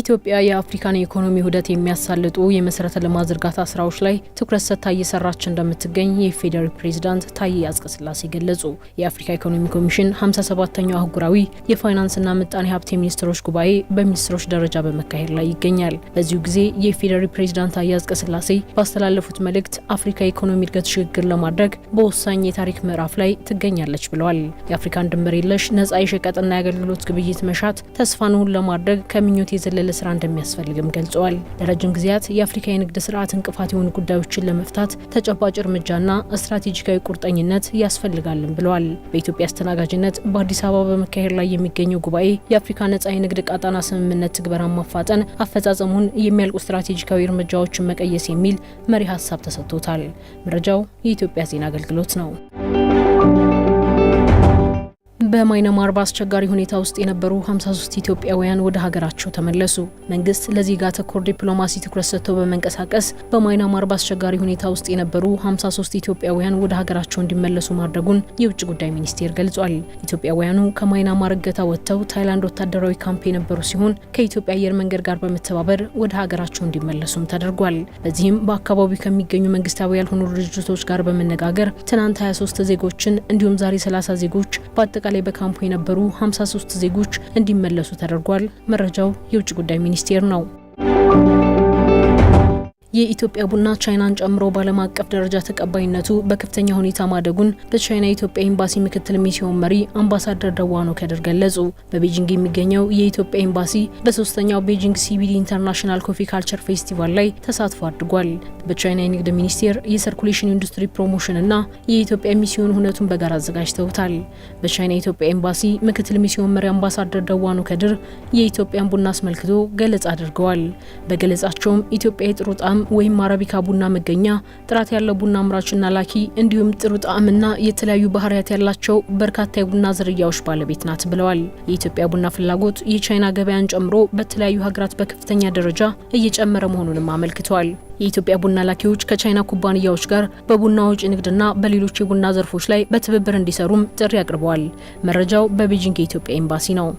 ኢትዮጵያ የአፍሪካን የኢኮኖሚ ውህደት የሚያሳልጡ የመሰረተ ልማት ዝርጋታ ስራዎች ላይ ትኩረት ሰጥታ እየሰራች እንደምትገኝ የፌዴራል ፕሬዚዳንት ታዬ አጽቀሥላሴ ገለጹ። የአፍሪካ ኢኮኖሚ ኮሚሽን 57ኛው አህጉራዊ የፋይናንስና ምጣኔ ሀብት የሚኒስትሮች ጉባኤ በሚኒስትሮች ደረጃ በመካሄድ ላይ ይገኛል። በዚሁ ጊዜ የፌዴራል ፕሬዚዳንት ታዬ አጽቀሥላሴ ባስተላለፉት መልእክት አፍሪካ የኢኮኖሚ እድገት ሽግግር ለማድረግ በወሳኝ የታሪክ ምዕራፍ ላይ ትገኛለች ብለዋል። የአፍሪካን ድንበር የለሽ ነጻ የሸቀጥና የአገልግሎት ግብይት መሻት ተስፋን እውን ለማድረግ ከምኞት የዘለ ያካለለ ስራ እንደሚያስፈልግም ገልጸዋል። ለረጅም ጊዜያት የአፍሪካ የንግድ ስርዓት እንቅፋት የሆኑ ጉዳዮችን ለመፍታት ተጨባጭ እርምጃና ስትራቴጂካዊ ቁርጠኝነት ያስፈልጋልም ብለዋል። በኢትዮጵያ አስተናጋጅነት በአዲስ አበባ በመካሄድ ላይ የሚገኘው ጉባኤ የአፍሪካ ነጻ የንግድ ቃጣና ስምምነት ትግበራን ማፋጠን፣ አፈጻጸሙን የሚያልቁ ስትራቴጂካዊ እርምጃዎችን መቀየስ የሚል መሪ ሀሳብ ተሰጥቶታል። መረጃው የኢትዮጵያ ዜና አገልግሎት ነው። በማይነማር በአስቸጋሪ ሁኔታ ውስጥ የነበሩ 53 ኢትዮጵያውያን ወደ ሀገራቸው ተመለሱ። መንግስት ለዜጋ ተኮር ዲፕሎማሲ ትኩረት ሰጥቶ በመንቀሳቀስ በማይነማር በአስቸጋሪ ሁኔታ ውስጥ የነበሩ 53 ኢትዮጵያውያን ወደ ሀገራቸው እንዲመለሱ ማድረጉን የውጭ ጉዳይ ሚኒስቴር ገልጿል። ኢትዮጵያውያኑ ከማይናማር እገታ ወጥተው ታይላንድ ወታደራዊ ካምፕ የነበሩ ሲሆን ከኢትዮጵያ አየር መንገድ ጋር በመተባበር ወደ ሀገራቸው እንዲመለሱም ተደርጓል። በዚህም በአካባቢው ከሚገኙ መንግስታዊ ያልሆኑ ድርጅቶች ጋር በመነጋገር ትናንት 23 ዜጎችን እንዲሁም ዛሬ 30 ዜጎች በአጠቃላይ በካምፑ የነበሩ 53 ዜጎች እንዲመለሱ ተደርጓል። መረጃው የውጭ ጉዳይ ሚኒስቴር ነው። Thank you. የኢትዮጵያ ቡና ቻይናን ጨምሮ በዓለም አቀፍ ደረጃ ተቀባይነቱ በከፍተኛ ሁኔታ ማደጉን በቻይና የኢትዮጵያ ኤምባሲ ምክትል ሚስዮን መሪ አምባሳደር ደዋኖ ከድር ገለጹ። በቤጂንግ የሚገኘው የኢትዮጵያ ኤምባሲ በሶስተኛው ቤጂንግ ሲቢዲ ኢንተርናሽናል ኮፊ ካልቸር ፌስቲቫል ላይ ተሳትፎ አድርጓል። በቻይና የንግድ ሚኒስቴር የሰርኩሌሽን ኢንዱስትሪ ፕሮሞሽን እና የኢትዮጵያ ሚስዮን ሁነቱን በጋራ አዘጋጅተውታል። በቻይና የኢትዮጵያ ኤምባሲ ምክትል ሚስዮን መሪ አምባሳደር ደዋኖ ከድር የኢትዮጵያን ቡና አስመልክቶ ገለጻ አድርገዋል። በገለጻቸውም ኢትዮጵያ የጥሩ ጣዕም ወይም አረቢካ ቡና መገኛ፣ ጥራት ያለው ቡና አምራችና ላኪ እንዲሁም ጥሩ ጣዕምና የተለያዩ ባህሪያት ያላቸው በርካታ የቡና ዝርያዎች ባለቤት ናት ብለዋል። የኢትዮጵያ ቡና ፍላጎት የቻይና ገበያን ጨምሮ በተለያዩ ሀገራት በከፍተኛ ደረጃ እየጨመረ መሆኑንም አመልክተዋል። የኢትዮጵያ ቡና ላኪዎች ከቻይና ኩባንያዎች ጋር በቡና ወጪ ንግድና በሌሎች የቡና ዘርፎች ላይ በትብብር እንዲሰሩም ጥሪ አቅርበዋል። መረጃው በቤጂንግ የኢትዮጵያ ኤምባሲ ነው።